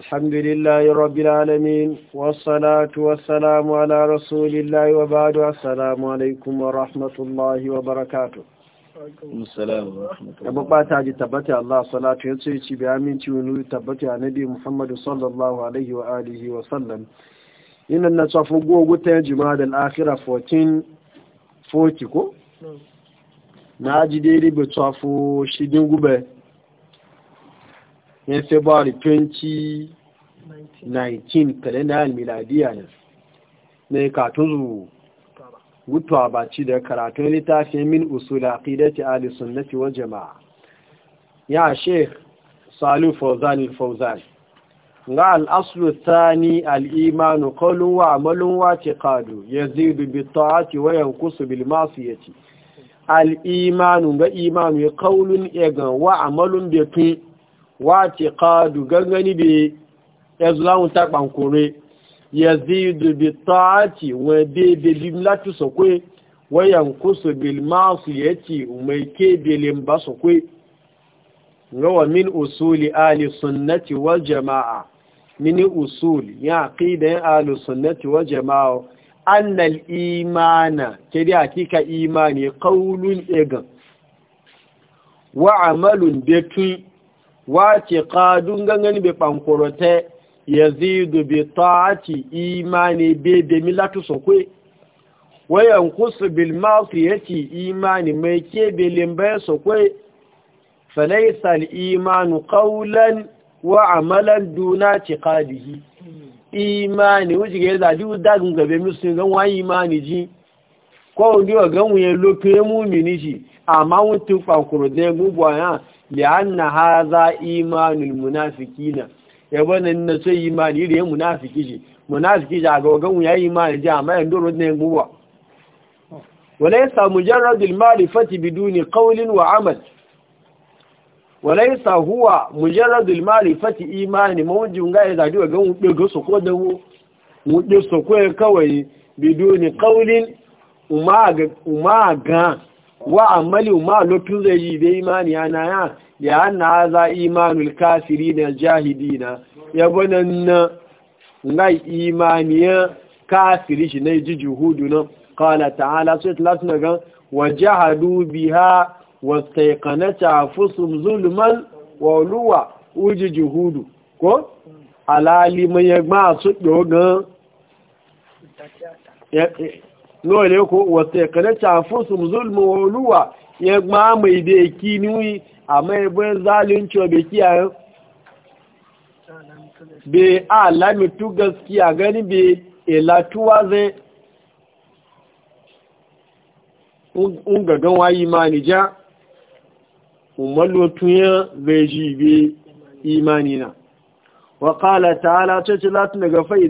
الحمد لله رب العالمين والصلاة والسلام على رسول الله وبعد السلام عليكم ورحمة الله وبركاته abu bata ji tabbata Allah salatu ya ce ci biya min ciwon nuri tabbata a nabi Muhammadu sallallahu alaihi wa alihi wa sallam ina na tsafi gogo ta yin jima'a da al'akira 1440 ko na ji daidai bai tsafo shidin gube in february 2019 kalendar miladiya ne mai katun gutuwa ci da karatun littafin min usul aqidati ahli sunnati wal jamaa ya sheikh salu fawzan al-fawzan ga al-aslu thani al-iman qawlun wa kadu, wa i'tiqadu yazidu bi ta'ati wa yanqusu bil ma'siyati al-iman ga imanu qawlun egan wa amalun bi wa ti kaadu gangani bi yazlamu ta bankore yazidu bi taati wa bebe bi limlatu sokwe wa yankusu bil ma'siyati mai ke bilin ba sokwe rawa min usuli ali sunnati wa jamaa min usuli ya aqida ali sunnati wa jamaa anna al imana kedi hakika imani qawlun egan wa amalun betun wace kadun gangan bai bankorote ya zidu bi ta'ati imani be da milatu sokwe wayan kusu bil mafiyati imani mai ke belin bayan sokwe falaisa imanu qawlan wa amalan duna tiqadihi imani wuji ga da du dagun gabe musu gan wa imani ji ko ndi wa gan wuye lope mu mini ji amma won tu pankoro de gubo li'anna haza imanul munafiqina ya bana na ce imani da munafiki ji munafiki ji a ga gan ya imani ji amma yanzu rodin ne guwa walaysa mujarradul ma'rifati biduni qawlin wa amal walaysa huwa mujarradul ma'rifati imani mawjin ga ya ga mu ga su ko da mu mu so ko kawai biduni qawlin umma ga umma wa amali ma lotun zai yi bai imani yana ya ya hanna za imanul kafiri na jahidina ya gwanan na na ya kafiri shi na ji juhudu na kala ta'ala sai na gan wa jahadu biha wa taikanata fusum zulman waluwa uji juhudu ko alali mai gba su ɗogon lóòrè kó wọ̀sẹ̀ kẹlẹ́ta fún sùmùsùlùmù olúwa yẹ gbá mọ̀ ìdè kí níwí àmọ́ ẹgbẹ́ zálí ń tọ́ bẹ̀ kí a yẹn bẹ̀ alamitu gaskiya gani bẹ̀ ilatuwa e zai un gagan wayi ma bẹ̀ ta latin daga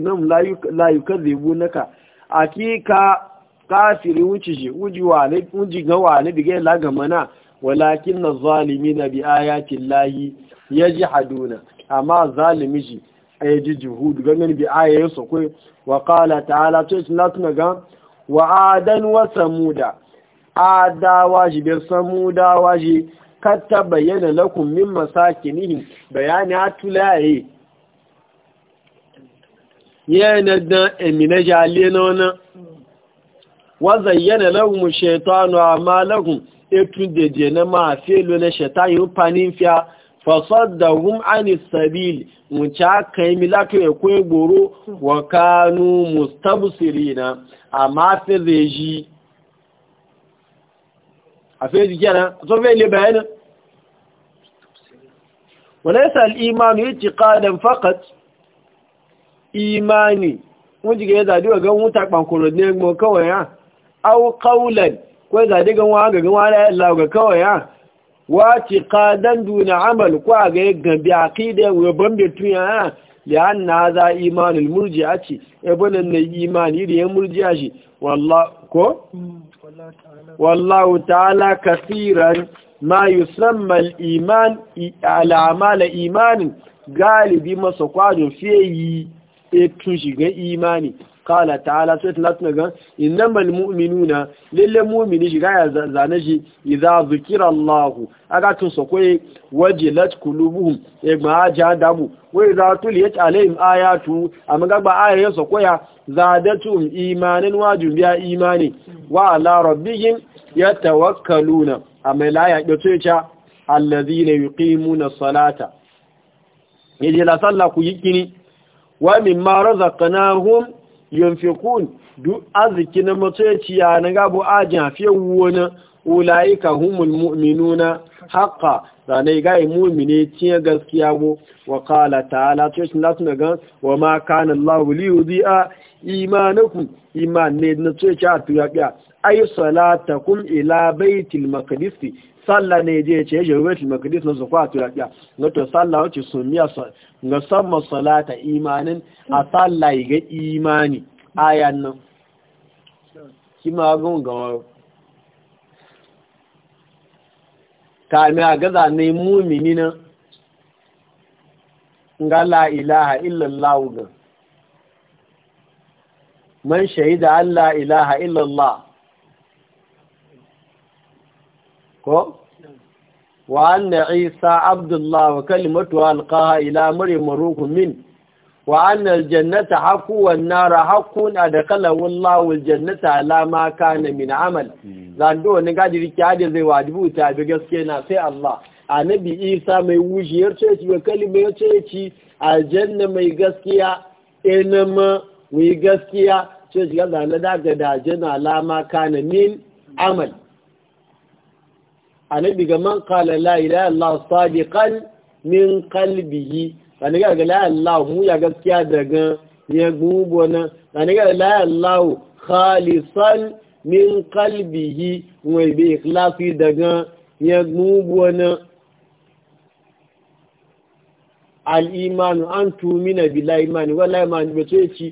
nan naka akika kafiri wuce shi wuji ga wani bigai lagamana walakin na zalimi na bi ayatin lahi ya ji haduna amma zalimi shi a yi ji jihudu ganin bi ayayin su kwai wa kala ta'ala to isi na ga wa adan wa samuda adawa shi bai samudawa shi katta bayyana lakun min nihin bayani hatulaye yana da emina na wazayyana lahum shaytanu a'malahum etun deje na ma felo na shaytan yu paninfia fasaddahum anis sabil mucha kai milato e ko egboro wa kanu mustabsirina amma fezeji afeji kenan so faqat imani wọ́n jìgẹ̀ ẹ̀dàdí ọ̀gán wọ́n tàpàkùrọ̀ ní ẹgbọ́n kọwàá au qawlan ko za digan wa ga gan wala Allah ga kawai ya wati qadan duna amal ko ga gabi aqida wa bambe tuya lianna za imanul murji'a ce ibanan na imani da murji'a shi ko wallahu ta'ala kasiran ma yusamma al-iman amala imanin galibi masa kwadon fiye yi etun shiga imani kala ta'ala sai talatin ga innamal mu'minuna lalle mu'mini shiga ya zane shi idza zikira Allah aga tun so koyi wajilat qulubuhum e ma ja dabu wa idza tuliyat alaihim ayatu amma ba aya so koya zadatum imanan wajib ya imani wa ala rabbihim yatawakkaluna amma la ya dace cha allazina yuqimuna salata yaje e la sallaku yikini wa mimma razaqnahum yanfikun duk arziki na matsayaciya na gabo ajin fiye wani ulaika humul mu'minuna haqqa sanai gai mu'mini tiya gaskiya go wa qala ta'ala to shin lati daga wa ma kana Allah li yudhi'a imanakum iman ne na tsayaciya tuya ai salatakum ila baitil maqdis sallah ne je ce ya jeruwa til makadis na zuwa turabiya wato sallah wacce sun miya ga sama salata imanin a sallah ga imani ayan nan kima gun gama kame a gaza ne mumini na. ga la ilaha illallah ga man shahida an la ilaha illallah ko wa anna isa abdullah wa kalimatu alqaha ila maryam ruhun min wa anna aljannata haqqu wan nara haqqun adqalahu allah wal jannata ma kana min amal hmm. do ne gaji rike hade zai wajibu ta bi gaske na sai allah annabi isa mai wujiyar ce ci kalima ce ci aljanna mai gaskiya inama mai gaskiya ce ci ga zalada da dajana la ma kana min amal annabi ga man qala la Allah illallah sadiqan min a ni ga la Allah mu ya gaskiya daga ya gubo na annabi ga la hali khalisan min kalbihi wa bi ikhlasi daga ya gubo na an iman an tumina bi iman wala iman bace ci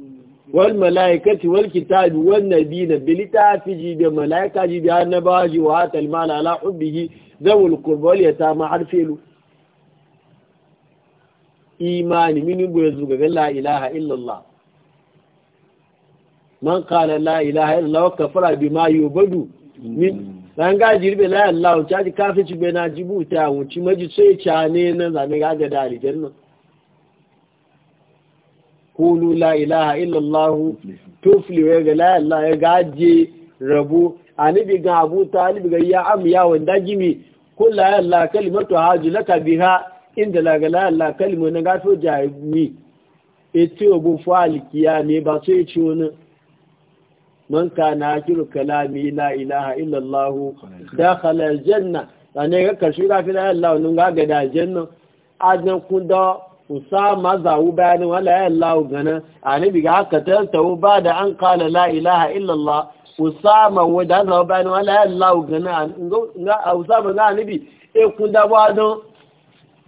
wal malaikati wal kitabi wan nabiyina bil tafi bi malaika ji bi annabaji wa atal mala ala hubbihi zawul qurba wal yatama harfilu imani mini goye zuga ga la ilaha illallah man qala la ilaha illallah wa kafara bima yubadu min dan ga jirbe la ilaha illallah ta ji kafici be na jibuta wuci maji sai cha ne nan zame ga ga da aljanna kulu la ilaha illallah tufli wa ga la ilaha ya gaje rabu anibi ga abu talib ga ya am ya wanda gimi kul la ilaha kalimatu haju laka biha inda la ga la ilaha kalimu na ga so jami ete ogun fo alikiya ne ba so yace wani man kana akiru kalami la ilaha illallah dakhala aljanna ane ga kashi ga fi la ilaha nun ga ga da aljanna adan kun da maza zawu bayanin wala ya Allah gana annabi ga haka tantawu ba da an kala la ilaha illallah da wada zawu bayanin wala ya Allah gana ga usama ga bi e kun da ba don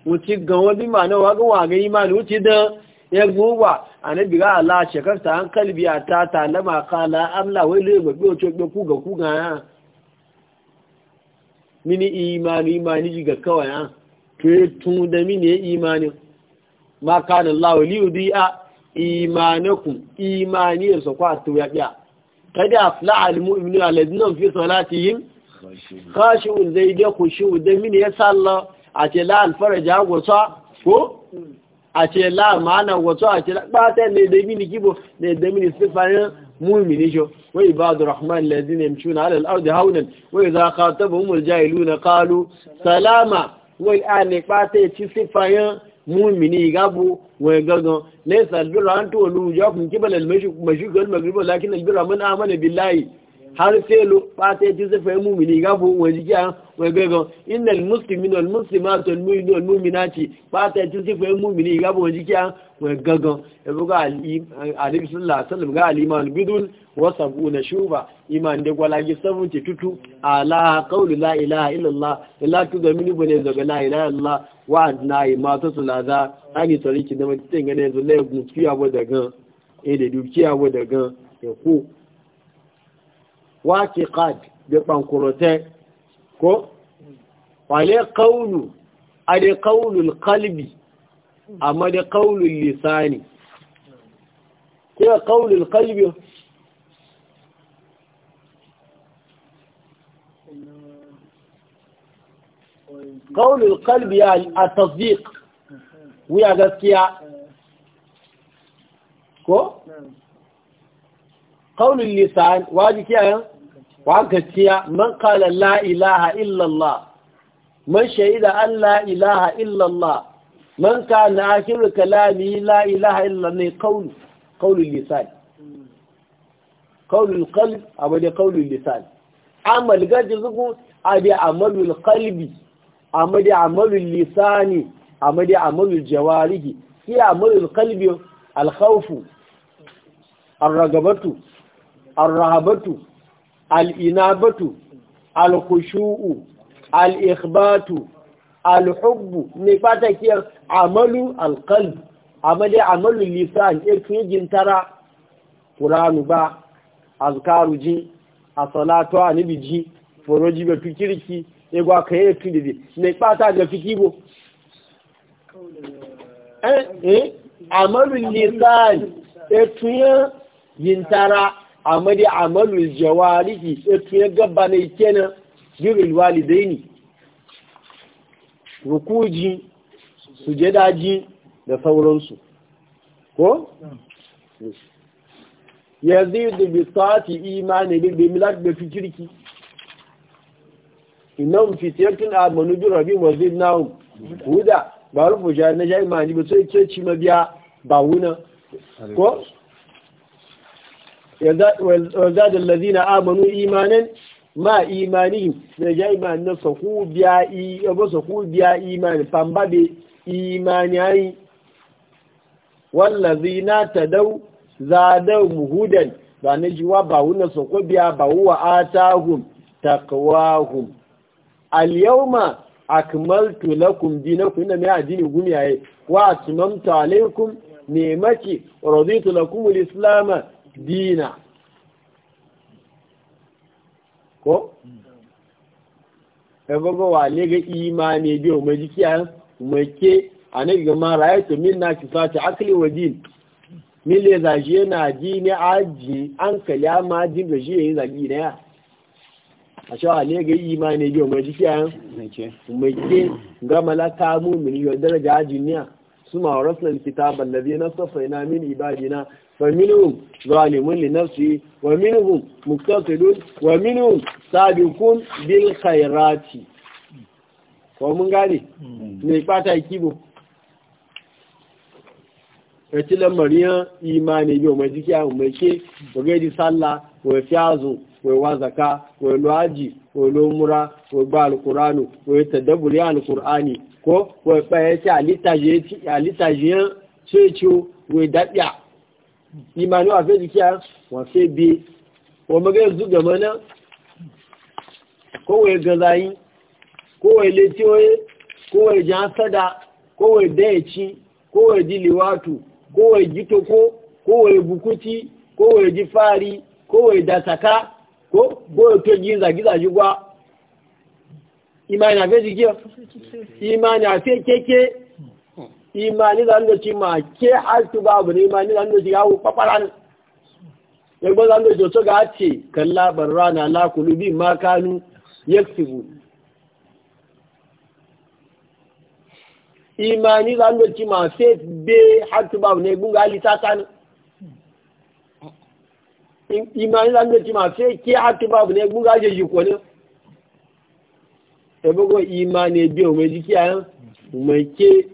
wuci ga wani mana wa ga ma imani wuci da ya guwa annabi ga Allah ta an kalbi ta ta talama kala amla wai le gbe o gbe ku ga ku ga mini imani imani ga kawai ha ke tun da mini imani ma kana Allah li yudi'a imanakum imani su kwa to ya biya kada afla al mu'minu alladhina fi salatihim khashu'un zai da khushu da min ya sallah a ce la al faraja gosa ko a ce la mana gosa a ce ba ta ne da min kibo ne da min sifarin mu'mini jo wa ibadur rahman alladhina yamshuna ala al ardi hawnan wa idha khatabahum al jahiluna qalu salama wal an ba ta ci sifarin mumini gabu wai gagan laysa albirra an tuwallu wujuhakum qibala al-mashriq wal maghrib walakin albirra man amana billahi har felo bata yaji zai fahimu mini gafu wani jiya wani gagan inal muslimin wal muslimat wal mu'min wal mu'minati bata yaji zai fahimu mini gafu wani jiya wani gagan yabo e ga alim sallallahu alaihi wasallam ga aliman bidun wa sabuna shuba iman da gwala gi 70 tutu ala qawli la ilaha illa allah e mini tudamin bane daga la ilaha allah wa adna ma tasulaza ani tariki da mutin gane yanzu lai gutsuya wa daga eh da dukiya da gan e ya ku wake kad da ɓankurote ko wale kaunu a da kaunul kalbi amma da kaunul lisani kira kaunul kalbi kaunul kalbi a tasdik wuya gaskiya ko? qaulul lisan waji kiyayen wa gaciya man qala la ilaha illallah. man shahida an la ilaha illallah. allah man kana akhiru kalami la ilaha illallah ne qaul qaulul lisan qaulul qalb abada qaulul lisan amal gaji zugu abi amalul qalbi amadi amalul lisani amadi amalul jawarihi sai amalul qalbi al khawfu ar ragabatu الرهبه الانابه الخشوع الاخبات الحب نفاتك عمل القلب عمل عمل اللسان إرفي جنترى قران با اذكار جي الصلاه عنبي بيجي فروجي بفكرك يقوى كيه تدري نفاتك فكيبو ايه eh amalul lisan etuye yintara amma dai amalul jawarihi etu ya gaba na kenan birul ne. rukuji sujadaji da sauransu ko yazidu da bisati imani bil bimlak bi fikirki innahum fityatun amanu bi rabbihim wa zidnahum huda ba rufu jahannama jahannama ni ba sai ce ci mabiya ba wuna ko وزاد الذين آمنوا إيمانا ما إيمانهم نجا إيمان سخو بيا إيمان سخو بيا إيمان فانبابي إيمان يعني والذين تدوا زادهم هدى zane jiwa ba wuna sokobiya ba huwa atahum taqwahum al-yawma akmaltu lakum dinakum inna ma adini gumiyaye wa atmamtu alaykum islam dina ko wa wà ga imani bí o jikiya kí a na anẹ́gbẹ̀ ma ráyẹ̀ tó min na ti fàtí wa din. Min mí za zàjí yana dí a ájì an kàlẹ̀ a ma dín da shi yayin zàgí na ya a ṣe wà lẹ́gẹ́ imani bí o mẹ́jì mai ke gama la ta mú miliyon daraja ajiniya su ma rasulun kitabar da zai na safaina min ibadina فمنهم ظالم لنفسه ومنهم مقتصد ومنهم سابق بالخيرات ومن غني ne fata kibo yace lamariya imani yau mai jikiya mai ke wage di salla wai fiyazo wai wazaka wai luwaji wai lomura wai ba alkuranu wai tadabburi alkurani ko wai bayace alitajiyan ce ciwo wai daɗiya imani wa fe jikiya wa fe bi wa maga yanzu gaba nan kowai gazayi kowai letiyoyi kowai jansada kowai dayaci kowai ji liwatu kowai gitoko kowai bukuti kowai ji fari kowai dasaka ko kowai to ji zagiza jigwa imani a fe jikiya imani a fe keke imani zan da ci ma ke haske babu ne imani zan da ci yawo kwakwaran yagba zan da ci wato ga ce kalla barra na lakulu bi makanu ya sibu imani zan da ci ma fet be haske babu ne gunga alita kan imani zan da ci ma fe ke haske babu ne gunga jeji ko ne ebogo imani e biyo mai jiki a yan mai ke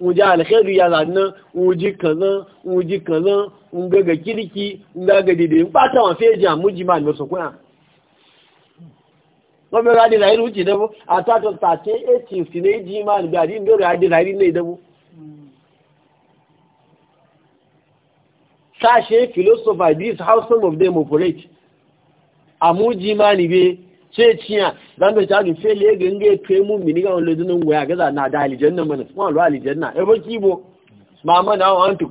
wuje alkhairu mu zanna wuje kaza ji kaza mu ga ga kirki un ga ga dide in fata wa feji amuji ma no sokuna wọ́n bẹ̀rẹ̀ adé láìrí ó ti dẹ́bọ́ àtàtọ̀ tàtẹ́ ètì sí ní èjì máa nígbà àdí ìbẹ̀rẹ̀ adé láìrí ní ìdẹ́bọ́ sáṣe philosopher this how some of them operate àmújí máa níbi sai ciya zan da jari fele ya gange kai mu mini ga wani dunin goya gaza na da aljanna mana kuma lo aljanna e ba kibo na wa antu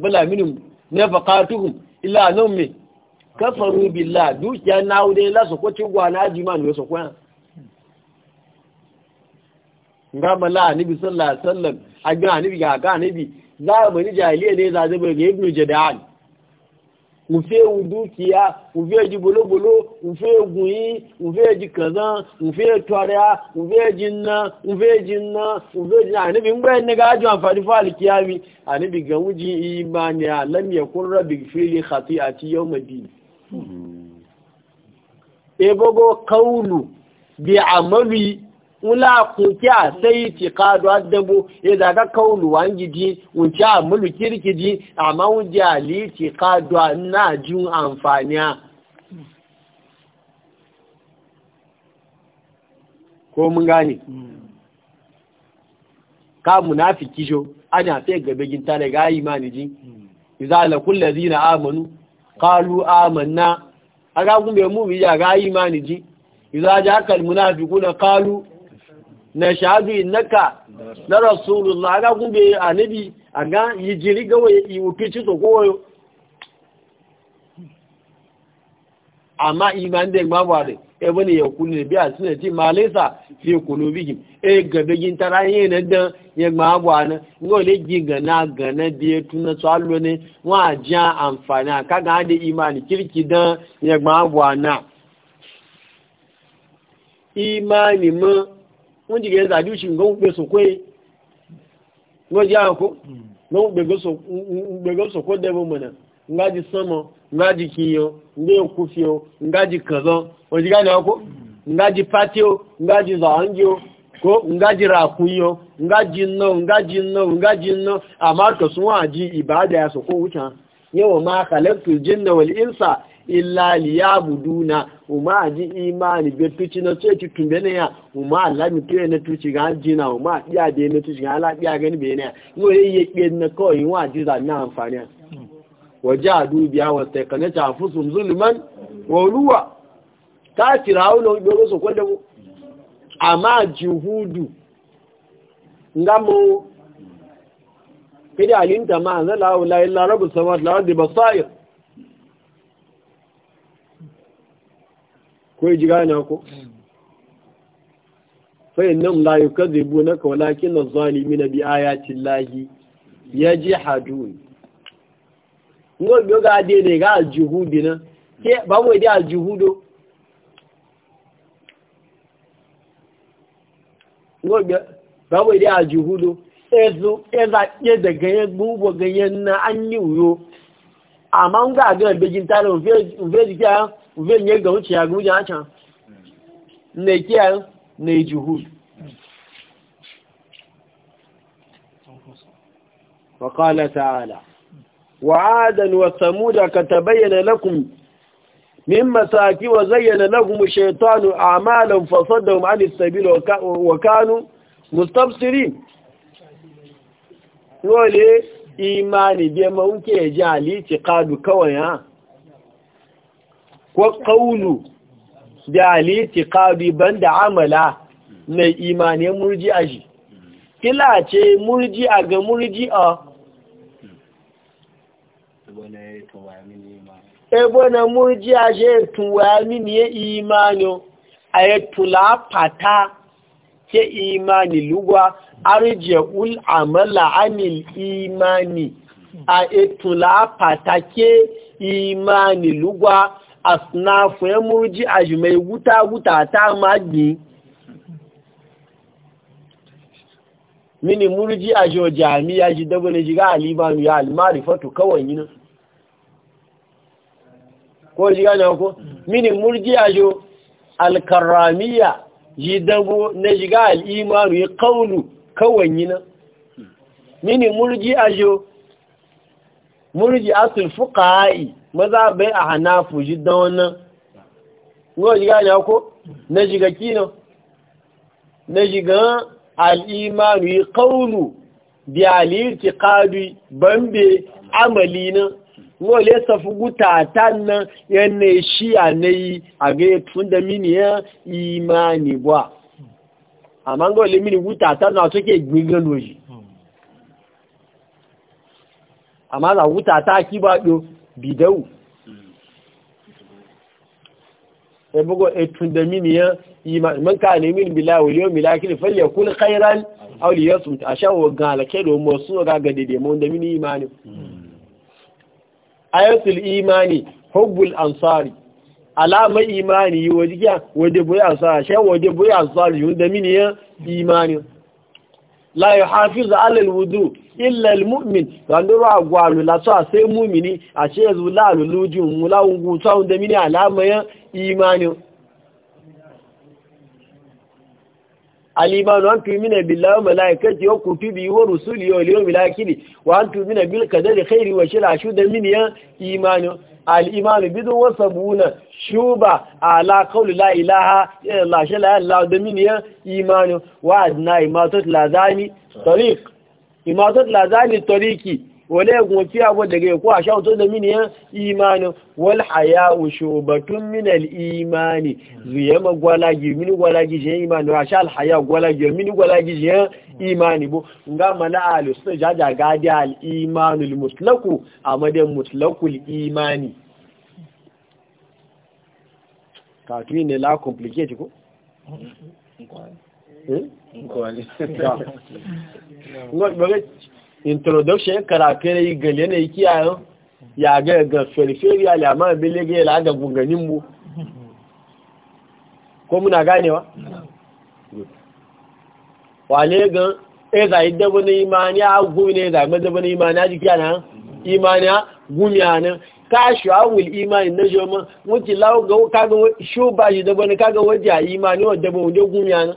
ne illa me kafaru billah dukiya na wude la su ko na jiman su ko mala sallallahu alaihi wasallam a ga annabi ga ga jahiliya ne za zai ga ibnu jada'an nfe ewu dukiya nfe ji bolobolo nfe egun yi nfe eji kazan nfe etɔria nfe eji nna nfe eji nna nfe eji anibi ngbɛ ne ka adu anfani fɔ alikiyami anibi gaŋu ji iyi ma ne a lamiya kurura bi fili hati ati yau ma di. ebogo kawulu bi amali wula kunki a sai ti kado adabo ya daga kaulu wangiji wunci a mulu kirkiji amma wunji a li ci kado na jin amfaniya ko mun gane ka munafiki kisho ana sai gabe ginta da ga imani ji Iza la kulle zina amanu kalu amanna aga gumbe mu bi ga imani ji idza ja kal kuna Kalu. na shahadu innaka na rasulullah ga gumbe anabi aga yijiri gawa iwukici to koyo amma iman da e ma ba da e bane ya kulli biya suna ti malisa fi kulubihim e gabe gin taraye ne da ya ma ba na ngo le gi gana gana biye tuna tsalo ne wa ja amfana kaga da imani kirki da ya ma ba na imani mu wọ́n jìgẹ̀ ìzàjú ṣì ń gbọ́n pè sókó yìí wọ́n jẹ́ àkó lọ́wọ́ gbẹ̀gbẹ̀ sókó dẹ́bọ̀ mọ̀nà ngájì sánmọ̀ ngájì kìíyàn ngé òkú fi o ngájì kànzán wọ́n jìgá ní àkó pátí o ngájì zàánjì o kó ngájì ràkú yìí ngájì ná àmọ́ wọn àjí máa jẹ́ illa liyabuduna uma ji imani be tuci na ce ci tumbe ne ya uma la mi tuye na tuci ga jina uma biya de na tuci ga la biya gani be ne ngo ye ye ke na ko yin wa ji da na amfani wajadu biya wa taqana ta fusum zulman wa ruwa ta tirawo do so ko da mu amma juhudu ngamu kida alinta ma zalawu la ilaha illa rabbu samawati wal ardi basair ko ji gane ko fa innam la yukadhibunaka walakin adh-dhalimina bi ayati llahi yajhadun ngo biyo de ne ga juhudi ke ba mu da juhudo ngo ba mu da juhudo ezu eza ye da ganye gbubo ganye na an yi uyo amma ga ga bejin talon veji veji zan yi ga wuce ya guja a can na kiya na yi juhud wa kala ta'ala wa adan wa samuda ka tabayyana lakum min masaki wa zayyana lahum shaytanu a'malan fasaddahum 'an as-sabil wa kanu mustabsirin wale imani bi ma wuke ji ali ti kadu kawai ha ko kaunu da aliti ban da amala mai imanin murji a shi kila ce murji a ga murji a ebo na murji a ṣe tuwa mini ya imanin a ya tula fata ke imani lugwa arje ul amala anil imani a ya tula ke imani lugwa asnafu ya murji a mai wuta-wuta ta magi mini murji a jami'a shi dabo ne, shiga alimanu ya fatu kawai yi ko shiga na ko mini murji a jo ji shi dabo na alimanu ya kaunu kawai yi mini murji a murji asul fuka ha'i maza bai a hanafu shi don wannan ruwa shiga ne ko na shiga kino na shiga al'imanu yi kaunu bi kadu bambe amali na ruwa le safi guta tan nan yanne shi na yi a ga tun da mini ya imani ba amma ngo wale mini guta ta na suke gbigan loji amma za guta ta ki ba do bidau ya bugo e da mini ya iman man ka ne min bila wal yawm lakin falyakul khairan aw liyasum sha wa gala ke do mo so ga ga dede mo da mini imani hmm. ayatul imani hubbul ansari ma imani wajiya wajibu ansari sha wajibu ansari yun da mini ya imani la hafizu ala alwudu illa almu'min wando ra gwalu la sai mu'mini ashe zu la luluju mulawun gutsa unda mini alama ya al'imanu an tumina billahi malaikati wa kutubi wa rusuli wa liyawmi lakini wa an tumina bil qadari khairi wa shira shu da min ya imanu al'imanu bidu wa sabuna shuba ala qawli la ilaha illa shi la ilaha da min ya imanu wa adna imatut lazani tariq imatut lazani tariqi wale ya kuma fiya ko daga ko a shawo da mini yan imanin wal haya shubatun min al imani zuya ma gwala gi mini gwala gi je imani wa sha al haya gwala gi mini gwala gi je imani bo nga mala al sun jaja gadi al imanu al mutlaku amade mutlakul imani ka tu ne la complicate ko ngwale eh? ngwale introduction karatu gane na yi kiyayen ya ga ga periphery alama bile ga la da gunganin mu ko muna ganewa Wane ga e za yi dabo na imani a gumi ne za ma dabo na imani a jikiya na imani a gumi a nan ka shi a wul imani na shoma wuce lawo ga kaga shi ba shi dabo na kaga waje a imani wa dabo wajen gumi a nan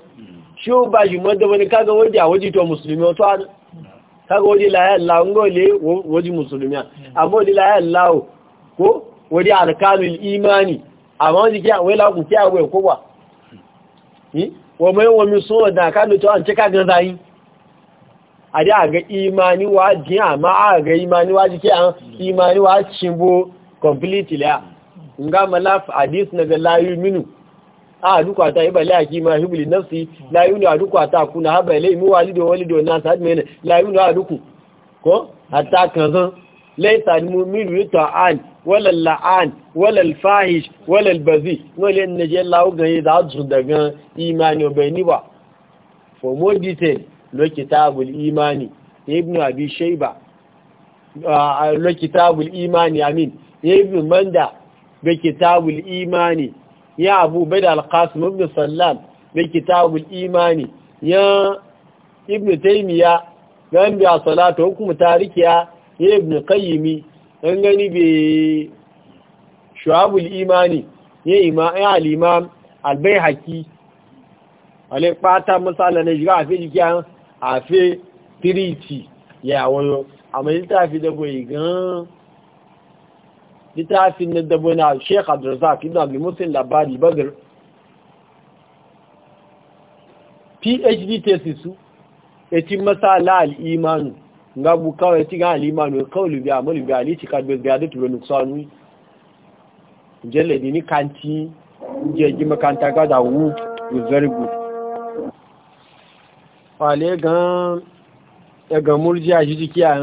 shi ba shi ma dabo na kaga waje a waje to musulmi wato a nan kaga waje la ya Allah ngole waje musulmiya amma waje la Allah ko waje arkanul imani amma waje kiya wai la ku kiya wai ko ba yi wa mai wa mi so da ka to an cika ga zai a da ga imani wa ji amma a ga imani wa ji kiya imani wa cimbo completely ya nga malaf hadis na ga la minu. a ah, duka ta iba la ki ma hibli nafsi la yunu a duka ta kuna haba ilai mu walido walido na sa adme ne la yunu a duku ko hatta kazan laysa min rita an, wala la'an wala al fahish wala al bazi wala an je Allah ga yi da su daga imani bai ni ba for more detail lo kitabul imani ibn abi shayba ah, lo kitabul imani amin ibn manda bi kitabul imani ya abu bai da alkasim ibn sallam mai kitabul imani ya ibn taimiya gan biya salatu hukumu tarikiya ya ibn qayyimi ɗan gani bai shu'abul imani ya imam ya al-imam al-baihaqi ale pata masala ne jiga afi jiga afi ya wayo amma ita fi da gan littafin na dabo na sheikh abdulrazak ibn abdulmusin labari bagar phd thesis su ya ci masala al'imanu ga bu kawai ci ga al'imanu ya kawai lubiya amma lubiya ali ci kadbe ga da turu nuksanu jalladi ni kanti jirgin makanta ga da wu zargu wale gan ya e ga murjiya shi jikiya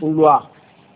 yin lu'a.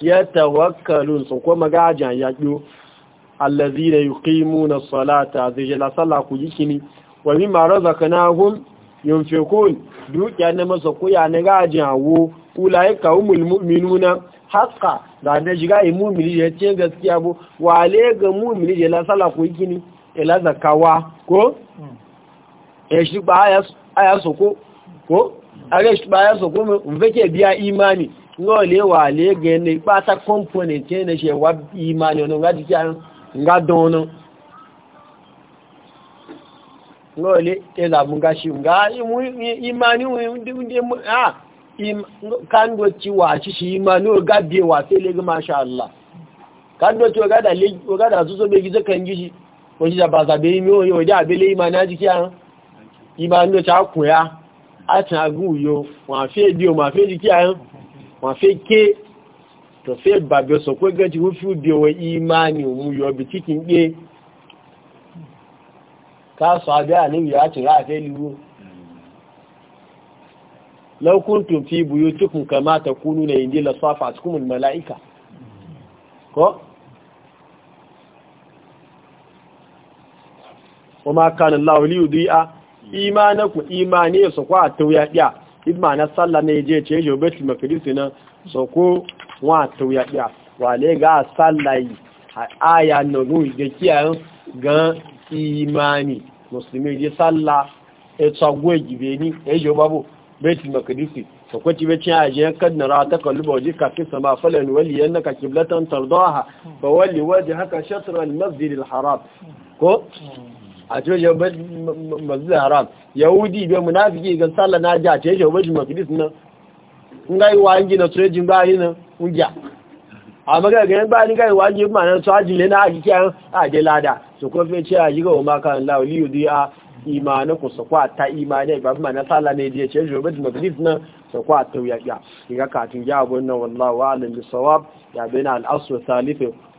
ya tawakkalun su kuma gajan yaƙo allazi da yi ƙimu na salata zai jela lasala ku yi kini wa mi mara zaka na hun yin fekun dukiya na masa kuya na gajan awo kula ya kawo mulminuna haska da na shiga yi mumini ya ce gaskiya bu wale ga mumini jela lasala ku yi kini ila zakawa ko ya shi ba a ya soko ko a ga shi ba ya soko mai biya imani lọ́ọ̀lẹ́ wà lẹ́gẹ̀ẹ́ ní pátá kọ́mpọ̀nì tí ẹni ṣe wá ìmá ní ọ̀nà ńgá jíjá ńgá dánná lọ́ọ̀lẹ́ ẹlàmúgá ṣe ńgá ìmá ní kándọ̀ tí wà ṣíṣe ìmá ní ọgá bí wà fẹ́lẹ́gẹ́ masha Allah kándọ̀ tí ọgádà súsọ́ bẹ́ gíṣẹ́ kan gíṣi òṣìṣà bàzàbẹ̀ ìmí òyìn òjá àbẹ́lẹ́ ìmá ní àjíṣẹ́ àrùn ìmá ní ọ̀ṣà kùn ya á tàn agún òyò wọ́n àfẹ́ ìdí òmà fẹ́ ìdí kí àrùn wọ́n fẹ́ ké tó fẹ́ bàbẹ̀ sọ pé gẹ́jì wọ́n fi bí ọwọ́ ìmáàni òun yọ bí kíkì ń gbé káàsọ̀ abẹ́ àníwì àti àfẹ́ líwó lọ́kùn tó fi ibùyó tó kùn kà máa tẹ̀kún na ẹ̀yìn lọ sọ́fà àti kọ́ ìdí a ní ìsọ̀kọ́ àtẹ́wẹ́ ibma na sallah ne je ce yau betul maqdis na so ko wa tauya ya wale ga sallai aya no gun ga kiyan gan imani musulmi je sallah e tsago gibe ni e yo babu betul maqdis so ko ci a je kan na rata kalluba ji ka kisa sama falan wali annaka qiblatan tardaha fa wali wajhaka shatr al masjid al haram ko a cikin ce masjid haram yahudi bai munafiki ga tsalla na ji ce shi bajin makidis na in ga yi wa gina sojin bayi nan ungiya a magagayen bayan ga yi wangi ma na sojin le na ake kiyan a je lada su kofi ce a yi ga umar kan lauli yudu a imanin ku su kwa ta imanin ba ma na tsalla ne je ce shi bajin makidis na su kwa ta wuya ya ga katin ya abun nan wallawa alim bisawab ya bin al'asu salifin